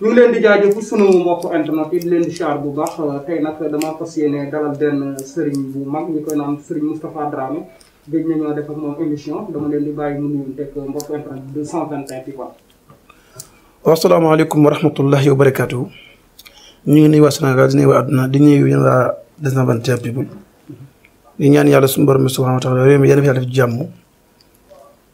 ñu ngi leen di jaajëfu sunu mbokku internet yi leen di char bu baax tey nag dama fas yéene dalal benn sëriñ bu mag ñu koy naan sëriñ Moustapha Dramé gëj nañoo def moom émission dama leen di bàyyi mu nuyu teg mbokku internet bi 221 bi ñu ngi nuyu waa Sénégal di nuyu waa àdduna di di ñaan yàlla suñu borom subhanahu wa taala réew mi yàlla def jàmm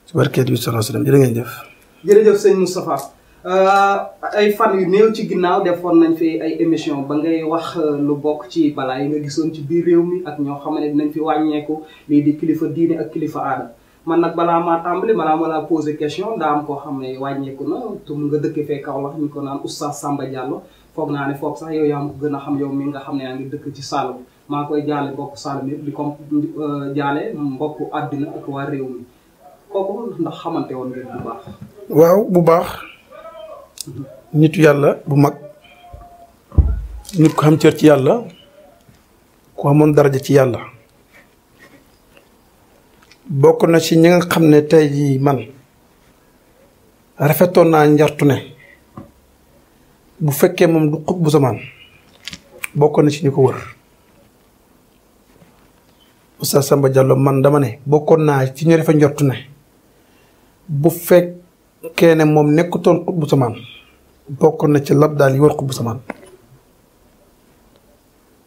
ci barkeet bi sallallahu alayhi wa sallam jërë ngeen jëf. seen sëñ Euh, ay fan yu ci ginnaaw defoon nañ fi ay émission ba ngay wax euh, lu bokk ci balaa yi nga gisoon ci biir réew mi ak ñoo xam ne dinañ fi wàññeeku lii di kilifa diine ak kilifa aada man nag balaa maa tàmbali balaa ma laa posé question daa am koo xam ne wàññeeku na tum nga dëkk fee Kaolack ñu ko naan Oustaz Samba Diallo foog naa ne foog sax yow yaa ma gën a xam yow mi nga xam ne yaa ngi dëkk ci Saloum maa koy jaale bokk Saloum yëpp di ko euh, jaale mbokku àddina ak waa réew mi kooku ndax xamante woon ngeen bu baax. waaw bu baax. nitu yàlla bu mag nit ku xam cër ci yàlla ku amoon daraja ci yàlla bokk na ci ñi nga xam ne tey jii man rafetoon naa njartu ne bu fekkee moom du xut bu zamaan bokk na ci ñu ko wër Oustaz Samba Diallo man dama ne bokkoon naa ci ñu rafet njortu ne bu fekk keene moom nekkutoon xutbu samaan bokkoon na ci lab daal yi war xutbu samaan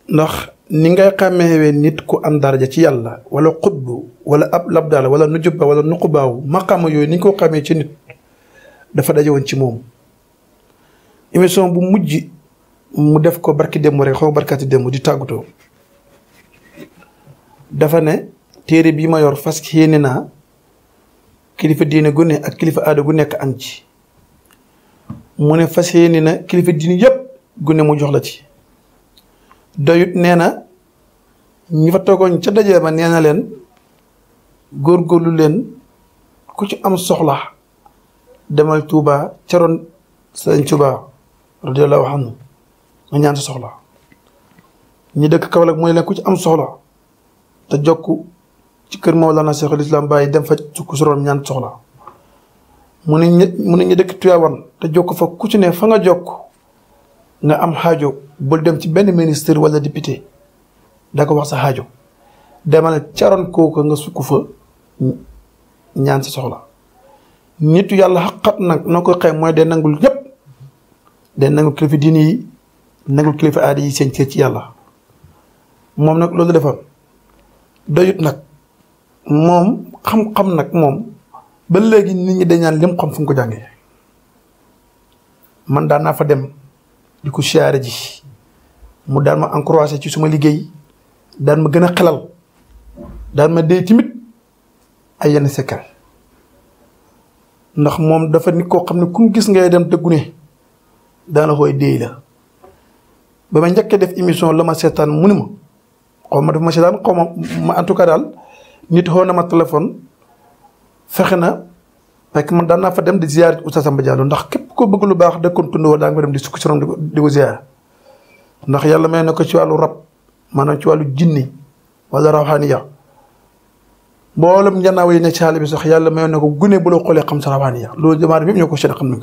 ndax ni ngay xàmmeewee nit ku am daraja ci yàlla wala xutbu wala ab lab daal wala nujuba wala nuqubaaw maqaama yooyu ni koo ko xàmmee ci nit dafa daje woon ci moom émission bu mujj mu def ko barki démb rek xaw barkaati démb di tàggatoo dafa ne téere bi ma yor fas yéene naa kilifa diine gune ak kilifa aada gu nekk am ci mu ne fas yéene na kilifa diine yépp gune mu jox la ci doyut nee na ñi fa toogoon ca dajee ba nee na leen góorgóorlu leen ku ci am soxla demal Touba ca roon Sëriñ Touba radiyallahu anhu nga ñaan sa soxla ñi dëkk Kaolack mu ne leen ku ci am soxla te jokku ci kër moom na Mawlana Cheikhul Islam Baye dem fa sukk suroom ñaan soxla mu ne ñu mu ne ñu dëkk Tivaouane te jokk fa ku ci ne fa nga jokk nga am xaajo bul dem ci benn ministre wala député da ko wax sa xaajo demal caroon kooku nga sukk fa ñaan sa soxla nitu yàlla xaqat nag noo koy xëy mooy de nangul yëpp day nangul kilifa diini yi nangul kilifa aada yi seen ci yàlla moom nag loolu defam doyut nag moom xam-xam nag moom ba léegi nit ñi dañ lim xam fu mu ko jàngee man daan naa fa dem di ko siyaare ji mu daan ma encouragé ci suma liggéey daan ma gën a xelal daan ma dee timit ay yenn secret ndax moom dafa nit koo xam ne ku gis ngay dem dëggu ne daana xooy déey la ba ma njëkkee def émission la ma seetaan mu ni ma xaw ma dafa ma seetaan xaw ma en tout cas daal nit xoo na ma téléphone fexe na fekk man daan naa fa dem di ziar Oustaz Samba Diallo ndax képp koo bëgg lu baax dëkkoon tundoo daa nga dem di sukk si rom di ko ndax yàlla may na ko ci wàllu rab maanaam ci wàllu jinni wala rawxaaniya mboolem njanaaw yi ne ci xaal bi sax yàlla may na ko gune bu la xoolee xam sa rawxaaniya loolu jamaar ñoo ko seet xam nañ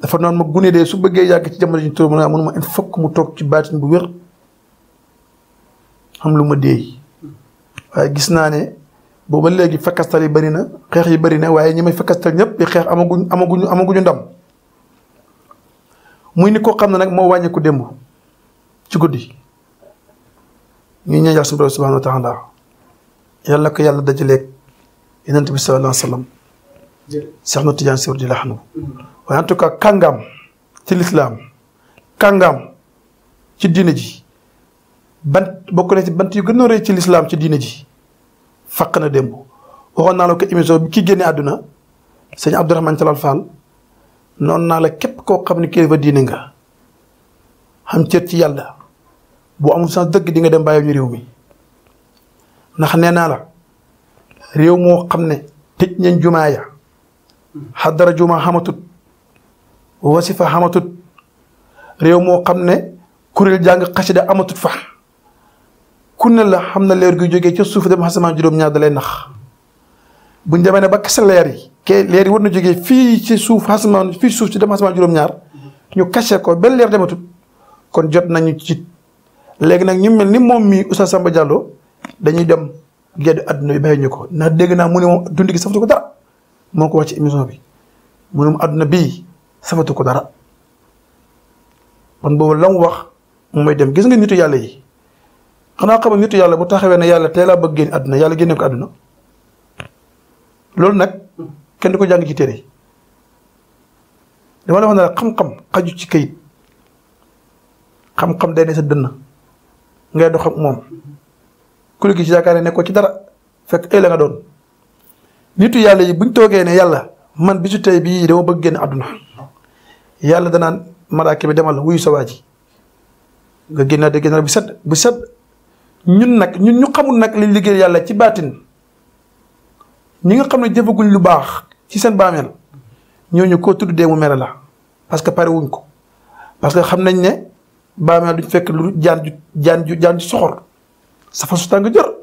dafa noonu ma gune dee su bëggee yàgg ci jamono ji tur mun ne ah man ma il mu toog ci baatin bu wér xam lu ma dee waaye gis naa ne booba léegi fakkastal yi bëri na xeex yi bëri na waaye ñi may fakkastal ñëpp di xeex amaguñ amaguñu amaguñu ndam muy ni ko xam ne nag moo wàññeeku démb ci guddi ñuy ñaan yàlla suñu borom subhanahu wa taala yàlla ko yàlla dajaleeg yonent bi sallallahu alayhi wa sallam Seex na Tijaan Si di la xam waaye en tout cas ci lislaam kàngaam ci diine ji bant bokk na ci bant yu gën a rëy ci lislaam ci diine ji faq na démb waxoon naa la ko émission bi ki génne àdduna sëñ Abdourahmane Calal Fall noonu naa la képp koo xam ne kilifa diine nga xam cër ci yàlla boo amul sens dëgg di nga dem bàyyi ñu réew mi ndax nee naa la réew moo xam ne tëj nañ jumaa ya xaddara jumaa xamatut wasifa xamatut réew moo xam ne kuréel jàng xasida amatut fa ku ne la xam na leer gu jóge ci suuf dem asamaan juróom-ñaar da lay nax buñ demee ne ba kese leer yi ke leer yi war na jóge fii ci suuf asamaan fii suuf ci dem asamaan juróom-ñaar ñu kase ko benn leer dematul kon jot nañu ci léegi nag ñu mel ni moom mii usa Samba Diallo dañuy dem geddu adduna bi bàyyi ñu ko ndax dégg naa mu ne moom dund gi safatu ko dara moo ko wax ci émission bi mu ne moom adduna bii safatu ko dara kon boobu la mu wax mooy dem gis nga nitu yàlla yi. xanaa xamal nitu yàlla bu taxawee ne yàlla tey laa bëgg génn àdduna yàlla génne ko àdduna loolu nag kenn du ko jàng ci téere yi dama la wax xam-xam xaju ci kayit xam-xam day ne sa dënn ngay dox moom ku la gis yaakaar ne nekkoo ci dara fekk ay la doon nitu yàlla yi buñ toogee ne yàlla man bisu tey bii dama bëgg génn àdduna yàlla danaan malaaka bi demal wuyu sa waa ji nga génnaat de génnaat bu set bu set. ñun nag ñun ñu xamul nag li liggéey yàlla ci baatin ñi nga xam ne jëfaguñ lu baax ci seen baameel ñooñu koo tudd dee mu mere la parce que pare wuñ ko parce que xam nañ ne baameel duñ fekk lu jaan ju jaan ju jaan ju soxor safa su tàng jër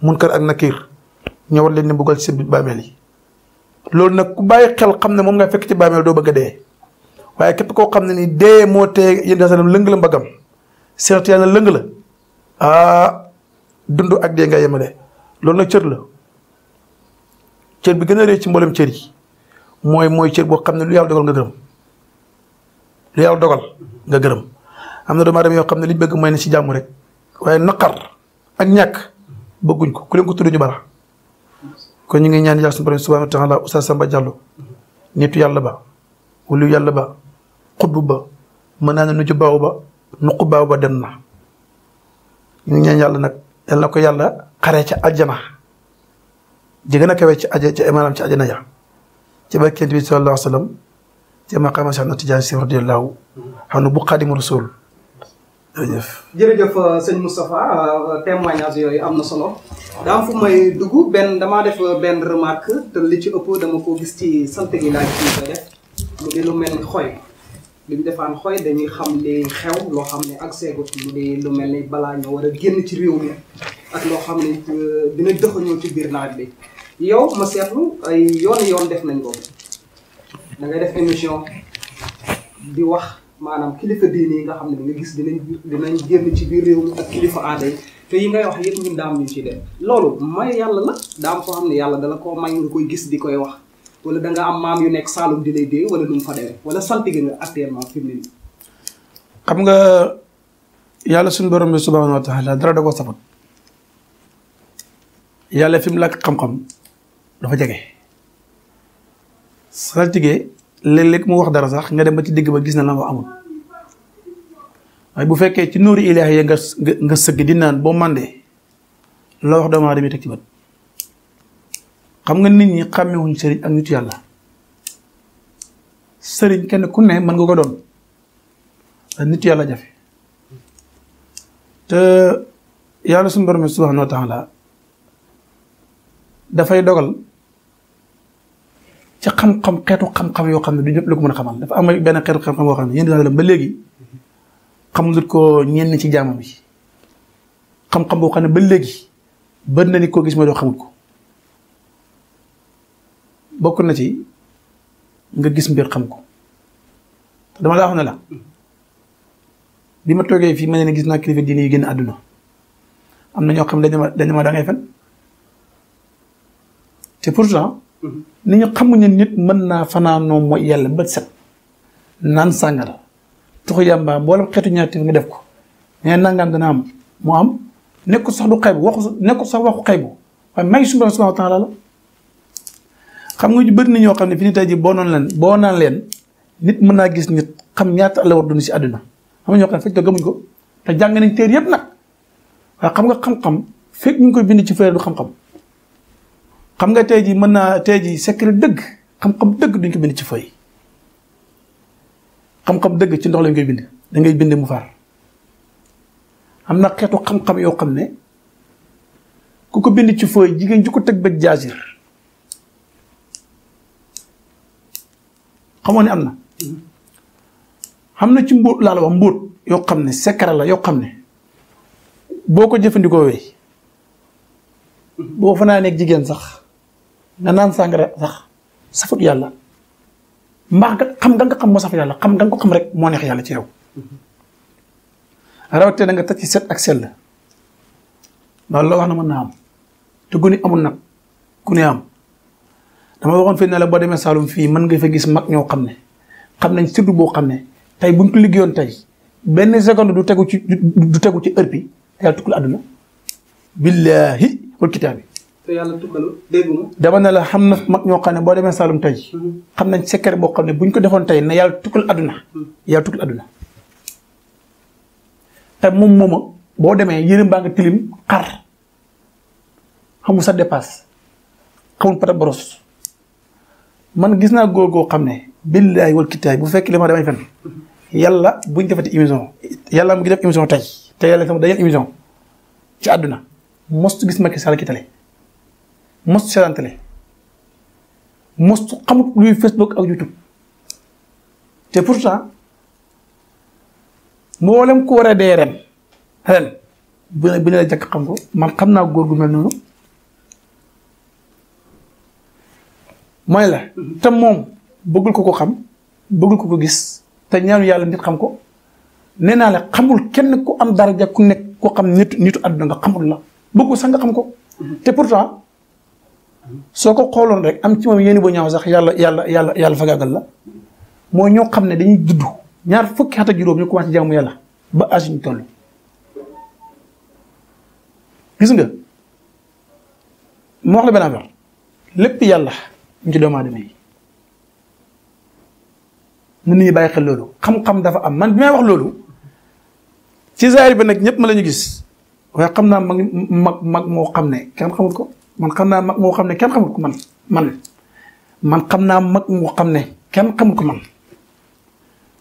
munkar ak nakiir ñëwal leen ne buggal ci seen baameel yi loolu nag ku bàyyi xel xam ne moom nga fekk ci baameel doo bëgg dee waaye képp koo xam ne ni dee moo tee yéen daal lëng la mbagam seet yàlla lëng la ah dund ak dee nga yemale loolu na cër la cër bi gën a rëy ci mboolem cër yi mooy mooy cër boo xam ne lu yàlla dogal nga gërëm lu yàlla dogal nga gërëm am na doomu aadama yoo xam ne liñ bëgg mooy ne ci jàmm rek waaye naqar ak ñàkk bëgguñ ko ku leen ko tudd ñu bara kon ñu ngi ñaan yàlla suñu borom subhanahu wa Samba Diallo nitu yàlla ba wulu yàlla ba xutbu ba mën naa ne nuju baaw ba nuqu baaw ba dem na ñu ñaan yàlla nag yal na ko yàlla xaree ca àjjana ji na a ci àjj ca ci àjjana ya ci barkent bi sallallahu alayhi wa sallam ci maqaama Cheikh bu xaadimu rasul jërëjëf jërëjëf euh, euh, yooyu am na solo daa fu may dugg benn damaa def euh, benn remarque te li ci ëpp dama ko gis ci sant gi laaj ci def mu di mel ni li defaan xooy dañuy xam li xew loo xam ne ak seegu li lu mel ni balaa ñu war a génn ci réew mi ak loo xam ne euh, dina dëxañoo ci biir naat bi yow ma seetlu ay yoon yoon def nañ ko da ngay def émission di wax maanaam kilifa diine yi xam ne da gis dinañ dinañ génn ci biir réew mi kilifa aada te yi ngay wax yëpp ñun daam ñu loolu may yàlla nag daam foo xam ne yàlla dala ko may nga koy gis di koy wax wala danga am maam yu nekk Saalum di lay dee wala lu mu fa demee wala saltige nga actuellement fi mu ne nii xam nga yàlla suñu borom bi subhaanahu wa taala dara da koo safut yàlla fi mu làkk xam-xam jege saltige léeg-léeg mu wax dara sax nga dem ba ci digg ba gis na la wax amul waaye bu fekkee ci nóori ilaahi ya nga nga sëgg di naan boo mandee loo wax doomu aadama teg ci bët xam nga nit ñi xàmmewuñ sëriñ ak nitu yàlla sëriñ kenn ku ne mën nga ko doon nitu yàlla jafe te yàlla suñu borom subhanahu wa taala dafay dogal ci xam-xam xeetu xam-xam yoo xam ne du ñëpp la ko mën a xamal dafa am benn xeetu xam-xam yoo xam ne yéen daal ba léegi xamulut ko ñenn ci jaamam bi xam-xam boo xam ne ba léegi bari na ni koo gis mooy doo xamul ko. bokk na ci nga gis mbir xam ko te dama la wax ne la bi ma toogee fii ma ne gis naa kilifa diine yi génn àdduna am na ñoo xam dañu ma dañu ma da ngay fen te pourtant mhm. ni ñu xamuñ ne nit mën naa fanaanoo mooy yàlla bët set naan sàngara tuxu yàmba mboolem xeetu ñaati nga def ko mais nangam am mu am nekkul sax du xaybu waxu nekkul sax waxu xaybu waaye may subhanahu wa taala la xam nga ñu bëri na ñoo xam ne fi tey jii boo noonu boo naan leen nit mën naa gis nit xam ñaata la si àdduna xam nga ñoo xam ne fekk ko te jàng nañ téer yëpp nga xam-xam ñu ngi koy bind ci fële du xam-xam nga tey jii mën naa tey jii secret dëgg xam dëgg duñ bind ci fooy xam dëgg ci ndox lañ koy bind dangay bind mu am na xeetu xam-xam yoo xam ne ku ko bind ci fooy jigéen ju ko teg ba jaasir xamoo ne am na xam na ci mbóot laa la wax yoo xam ne secret la yoo xam ne boo ko jëfandikoo wey boo fanaanee ak jigéen sax nga naan sàngara sax safut yàlla mbaax nga xam nga xam moo saf yàlla xam nga ko xam rek moo neex yàlla ci rew rawatina nga tëj ci set ak sell loolu la wax na mën naa te guni amul nag ku dama waxoon fii ne la boo demee Saloum fii mën nga fa gis mag ñoo xam ne xam nañ surtout boo xam ne tey buñ ko liggéeyoon tey benn seconde du tegu ci ci heure bi yàlla tukkal àdduna. billahi la xam na mag ñoo xam ne boo demee Saloum tey. Hmm. xam nañ secret boo xam ne buñ ko defoon tey ne yàlla tukkal àdduna. Hmm. yàlla tukkal àdduna. te moom mooma boo demee yërëm baa nga tilim xar xamul sa dépasse xamul pata boros. man gis naa góor goo xam ne billaay wal kitaay bu fekk li ma damay fen yàlla buñ defati émission yàlla mu ngi def émission tey te yàlla sama dañeen émission àdduna mostu gis Macky Sall ki tale mostu seetaan tale mostu xamut luy Facebook ak YouTube te pourtant mboolem ku war a dee ren ren bu ne bu ne la jàkk xam ko man xam naa góor gu mel noonu mooy la tam mm-hmm. moom bëggul ko ko xam bëggul ko ko gis te ñaar yàlla nit xam ko nee naa la xamul kenn ku am daraja ku nekk ku xam nitu nitu àdduna nga xamul la bëggul sax nga xam ko mm-hmm. te pourtant soo ko xooloon rek am ci moom yéen bu ñaaw sax yàlla yàlla yàlla yàlla fagaagal la mooy ñoo xam ne dañuy judd ñaar fukki at ak juróom ñu commencé jaamu yàlla ba âge ñu toll gis nga moo wax la benn affaire lépp yàlla ñu ci doomu aadama yi na bàyyi xel loolu xam-xam dafa am man bi wax loolu ci zaahir bi nag ñëpp ma la ñu gis waaye xam naa mag mag mag moo xam ne kenn xamut ko man xam naa mag moo xam ne kenn xamut ko man man man xam naa mag moo xam ne kenn xamut ku man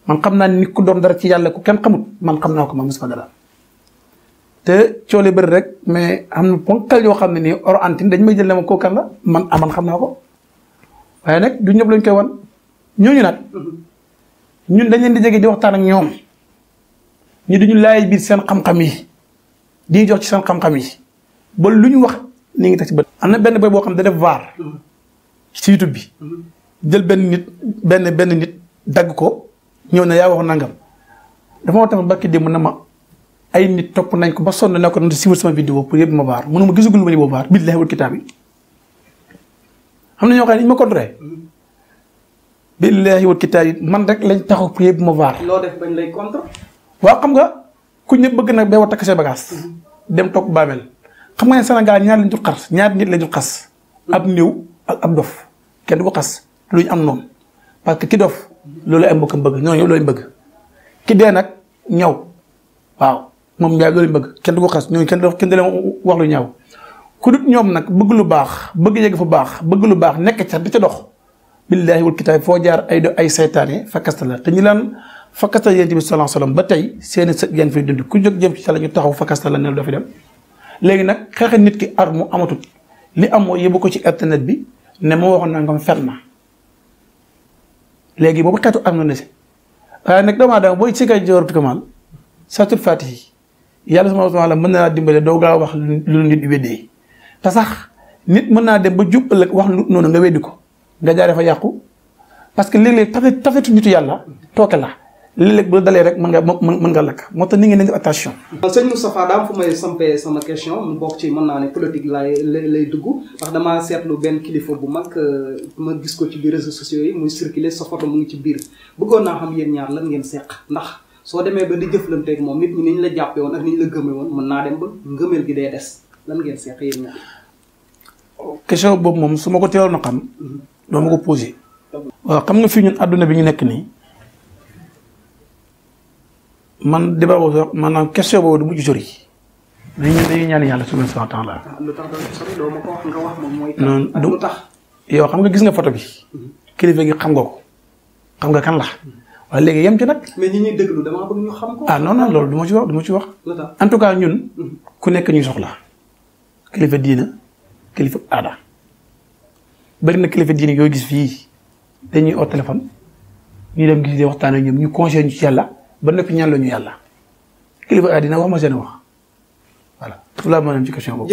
man xam naa nit ku doon dara ci yàlla ko kenn xamut man xam naa ko man Moustapha Dalla te coole bari rek mais am na ponkal yoo xam ne nii or antin dañ may jël ne ma kookan la man aman ah, xam naa ko waaye nag du ñëpp lañ koy wan ñooñu nag ñun dañ leen di jege di waxtaan ak ñoom ñu di ñu laaj biir seen xam-xam yi di ñu jox ci seen xam-xam yi ba lu ñu wax ni ngi teg ci bët. am na benn boy boo xam da def vaar ci YouTube bi jël benn nit benn benn nit dagg ko ñëw na yaa wax nangam dafa ma tamit bakki na ma ay nit topp nañ ko ba sonn na ko doon siiwal sama vidéo pour yëpp ma vaar mënuma gisugul ma ni boo vaar billahi wal kitaabi xam na ñoo xam ne dañ ma contré. billaahi wal kitaabi man rek lañ taxaw prier bu ma vaar. loo def bañ waaw xam nga ku ñëpp bëgg nag beewoo takk seen bagaas mhm. dem topp bàmmeel xam nga ne Sénégal ñaar lañ dul xas ñaar nit lañ dul xas. ab néew ak ab dof kenn du ko xas lu ñu am noonu parce que ki dof loolu ay mbokkam bëgg ñooñu loolu lañ bëgg ki dee nag ñaw waaw moom ñaar loolu lañ bëgg kenn du ko xas ñooñu kenn du wax lu ñaw ku dut ñoom nag bëgg lu baax bëgg yegg fu baax bëgg lu baax nekk ca di ca dox billaahi wal kitaab foo jaar ay do ay seytaane fakkasta la te ñu laan fakkasta yonent bi sallallahu alayhi ba tey seeni sët yan fiy dund ku jóg jëm ci taxaw fakkasta la ne dem léegi nag xeexe nit ki ar mu amatul li am moo ci internet bi ne moo waxoon nangam fen na léegi boobu xeetu am na ne si booy si kay jawar tukamal satul fatihi yàlla subhaanahu mën naa laa dimbale doo gaaw wax lu nit weddee te sax nit mën naa dem ba jub ëllëg wax lu noonu nga weddi ko nga jaaree fa yàqu parce que léeg-léeg tafe tafetu nitu yàlla tooke la léeg-léeg bu dalee rek mën nga mën nga lakk moo tax ni ngeen di def attention. sëñ Moustapha daam ci mën naa ne politique lay lay dugg ndax damaa seetlu benn kilifa bu mag euh, ma gis ko ci biir réseaux sociaux yi muy circuler sa photo mu ngi ci biir bëggoon naa xam yéen ñaar lan ngeen seq ndax soo demee ba di jëflanteeg moom nit ñi ni la jàppee woon ak ni ñu la gëmee woon mën naa dem ba ngëmeel gi day des lan ngeen seq yéen ñaar. question boobu moom su ma ko teewoon a xam doo ma ko posé. waaw xam nga fii ñun àdduna bi ñu nekk nii man débat boobu sax maanaam question boobu du mujj sori. dañuy dañuy yàlla subhanahu wa ta'ala. Ah, non xam nga gis nga photo bi. xam nga nga kan la. waaye léegi nag. mais ñi ñu ah, ci wax en tout cas ñun. Mm-hmm. ku nekk ñuy soxla. kilifa diina. kilifa aada bari na kilifa diine yooyu gis fii dañuy oo téléphone ñu dem gis di waxtaan ak ñoom ñu conseillé ñu ci yàlla ñu yàlla kilifa aada dina wax ma seen wax voilà tout la maanaam ci question boobu.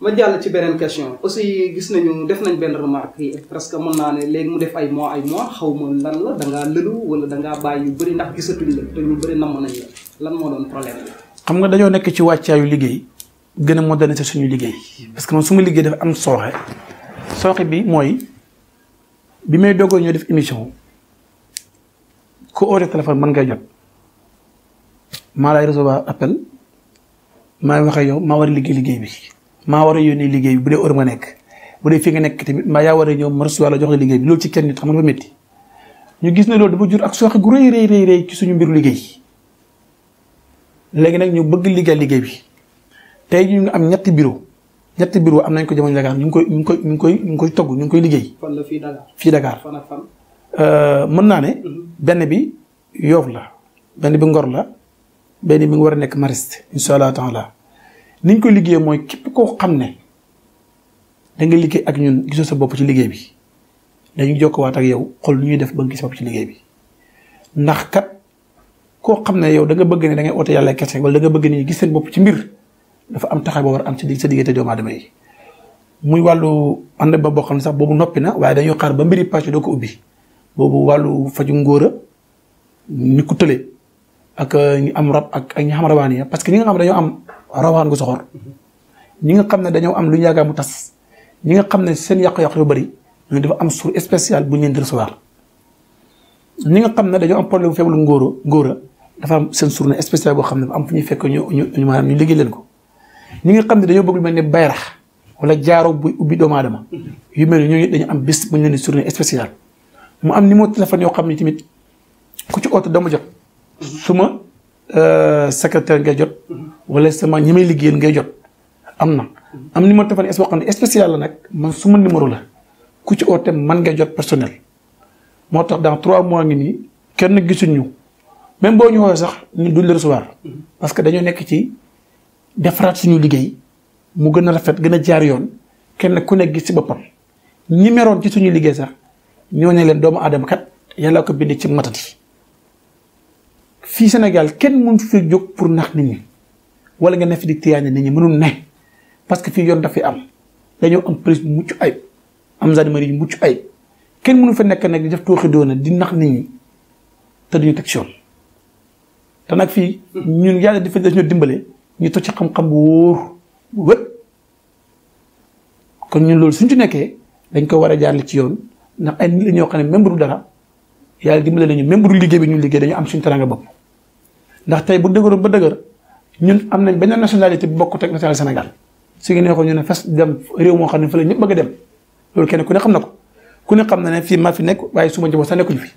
ma jàll ci beneen question aussi gis nañu def nañ benn remarque yi parce que mën naa ne léegi mu def ay mois ay mois xaw ma lan la da lëlu wala da ngaa bàyyi yu bëri ndax gisatuñ la te ñu bëri namm nañ la lan moo doon problème xam nga dañoo nekk ci wàccaayu liggéey. gën a moderniser suñu liggéey parce que man su liggéey dafa am sooxe sooxe bi mooy bi may doggoo ñoo def émission ku ooree téléphone mën ngay jot maa lay recevoir appel maa wax ak yow maa war a liggéey liggéey bi maa war a yónnee liggéey bi bu dee heure ma nekk bu dee fi nga nekk tamit maa yaa war a ñëw ma recevoir la jox la liggéey bi loolu ci kenn nit xam nga dafa métti ñu gis na loolu dafa jur ak sooxe gu rëy rëy rëy ci suñu mbiru liggéey léegi nag ñu bëgg liggéey liggéey bi. tey ñu ngi am ñetti bureau ñetti biro am nañ ko jamono Dakar ñu ngi koy ñu ngi koy ñu ngi koy ñu ngi koy togg ñu ngi koy liggéey. fan la fii Dakar fii Dakar. fan ak euh, mën naa ne. Mhm. benn bi Yoff la. benn bi Ngor la. benn bi mu war a nekk Mariste incha allah taala ni ñu koy liggéey mooy képp koo xam ne da nga liggéey ak ñun gisoo sa bopp ci liggéey bi dañuy jokkowaat ak yow xool lu ñuy def ba nga gis bopp ci liggéey bi ndax kat koo xam ne yow da nga bëgg ne da oto yàlla kese wala da nga bëgg nii ñu gis seen bopp ci mbir dafa am taxaw boo war am ci sa diggante doomu muy wàllu ànd ba boo xam ne sax boobu noppi na waaye dañoo xaar ba mbiri ko ubbi boobu wàllu faju ngóor a ni ku tële ak euh, ñi am rab ak ak ñi xam rawaan yi parce que ñi nga xam ne am rawaan gu ñi nga xam ne am lu ñu yàggaa tas ñi xam ne seen yàqu-yàqu yu bëri ñooñu dafa am suur spécial bu ñu leen di ñi nga xam ne dañoo am problème bu feebul ngóoro ngóora dafa am seen suur ne spécial boo xam ne am fu ñuy fekk ñu ñu maanaam ñu liggéey leen ko ñi nga xam ne dañoo bëgg lu ni ne bayrax wala jaaro buy ubbi doomu aadama yu mel ne ñooñu dañu am bis bu ñu leen di journée mu am numéro téléphone yoo xam ne tamit ku ci oote dama jot su ma euh, secrétaire ngay jot wala sama ñi may liggéeyal ngay jot am na am numéro téléphone es boo xam ne spécial la nag man su ma numéro la ku ci oote man ngay jot personnel moo tax dans trois mois ngi nii kenn gisuñu même boo ñu sax ñu duñ la parce que dañoo nekk ci defaraat suñu liggéey mu gën a rafet gën a jaar yoon kenn ku nekk gis ci boppam ñi meroon ci suñu liggéey sax ñoo ne leen doomu aadama kat yàlla ko bind ci matati fii Sénégal kenn mun fi jóg pour nax nit ñi wala nga ne fi di tiyaane nit ñi mënul ne parce que fii yoon dafay am dañoo am police bu mucc ayib am gendarmerie bu mucc ay kenn mënu fi nekk nag di def tooxi doona di nax nit ñi te duñu teg si yoon te nag fii ñun yàlla dafa dañoo dimbale ñu toj ci xam-xam bu wóor bu loolu suñ ci nekkee dañ ko war a jaarale ci yoon ndax ay nit la ñoo xam ne même bu dul dara yàlla dimbale nañu même bu dul liggéey bi ñu liggéey dañu am suñu teranga bopp ndax tey bu dëgëroon ba dëgër ñun am nañ benn nationalité bu bokkut ak nationalité Sénégal su ngi ko ñu ne fas dem réew moo xam ne fa la ñëpp bëgg a dem loolu kenn ku ne xam na ko ku ne xam na ne fii maa fi nekk waaye suma njaboot sax nekkuñu fi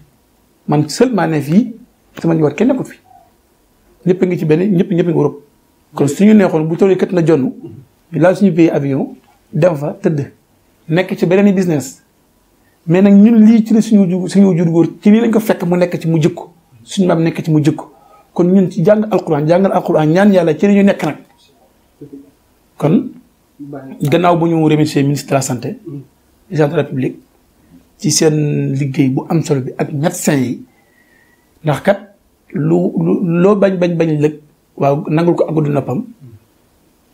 man seulement ne fii sama njaboot kenn nekkut fi ñëpp ngi ci beneen ñëpp ñëpp ngi Europe kon suñu neexoon bu toll kat na jonn ñu laal suñu pays avion dem fa tëdd nekk ci beneen business mais nag ñun lii ci ne suñu jur suñu jur góor ci lii lañ ko fekk mu nekk ci mu jëkk suñu maam nekk ci mu jëkk kon ñun ci jàng alquran jàngal alquran ñaan yàlla ci la ñu nekk nag kon gannaaw bu ñu remercier ministre de la santé ci seen liggéey bu am solo bi ak médecin yi ndax kat lu lu loo bañ bañ bañ lëg waaw nangu ko aguddu noppam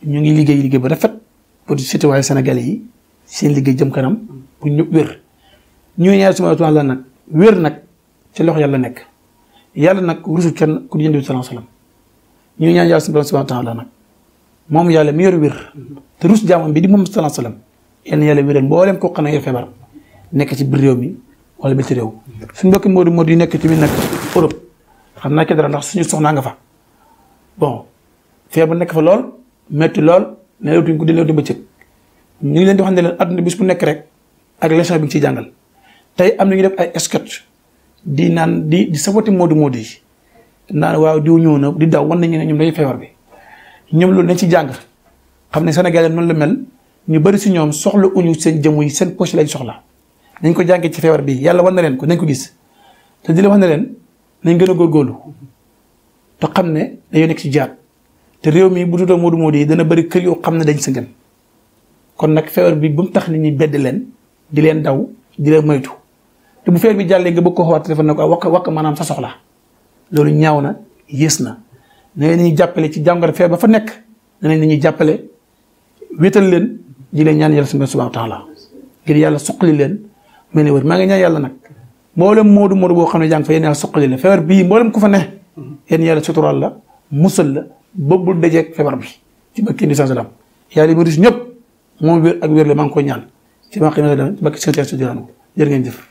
ñu ngi liggéey liggéey bu rafet pour citoyen yi seen liggéey jëm kanam bu ñëpp wér ñu ñaar nag wér nag ci loxo nekk yàlla nag rusul kenn ku yëndu sallallahu alayhi ñu ñaan yàlla subhanahu wa taala nag moom yàlla mi yor wér te rus jaamam bi di moom sallallahu alayhi wasallam yal na yàlla wéral mboolem koo xam ne yor feebar nekk ci biir réew mi wala biti réew suñu mbokki Modou Modou yi nekk tamit nag Europe xam naa ke ndax suñu soxnaa nga fa bon feebar nekk fa lool métti lool nelawtuñ guddi nelawtuñ bëccëg ñu ngi leen di wax ne leen adduna bis bu nekk rek ak leçon bi nga ciy jàngal tey am na ñu def ay sketch di naan di di sabati moodu moodu yi naan waaw diw ñëw na di daw wan nañu ne ñoom dañuy feebar bi ñoom loolu nañ ci jàng xam ne Sénégalais noonu la mel ñu bëri si ñoom soxla uñu seen jëmm yi seen poche lañ soxla nañ ko jàngee ci feebar bi yàlla wan na leen ko nañ ko gis te di la wax ne leen nañ gën a góorgóorlu te xam ne dañoo nekk ci jaat te réew mi bu dutoo moodu moodu yi dana bëri kër yoo xam ne dañ sëggan kon nag feebar bi bu mu tax nit ñi bedd leen di leen daw di leen moytu te bu feebar bi jàllee nga bëgg ko xawaat téléphone ne ko ah, wax sa soxla loolu ñaaw na yées na ne leen ñuy jàppale ci jàngoro feebar ba fa nekk ne leen ñuy jàppale wéetal leen di leen ñaan yàlla subhanahu wa taala ngir yàlla suqali leen mel ni wër maa ngi ñaan yàlla nag mboolem moodu moodu boo xam ne jàng fa yéen yàlla suqali leen bii mboolem ku fa ne yéen yàlla suturaal la musal la bëggul dajeeg feebar bi ci bakki indi sans salaam yàlla mu ris ñëpp moom wér ak wér la maa ñaan ci ma xëy na ci bakki sëñ Tuubaa jërë ngeen jëf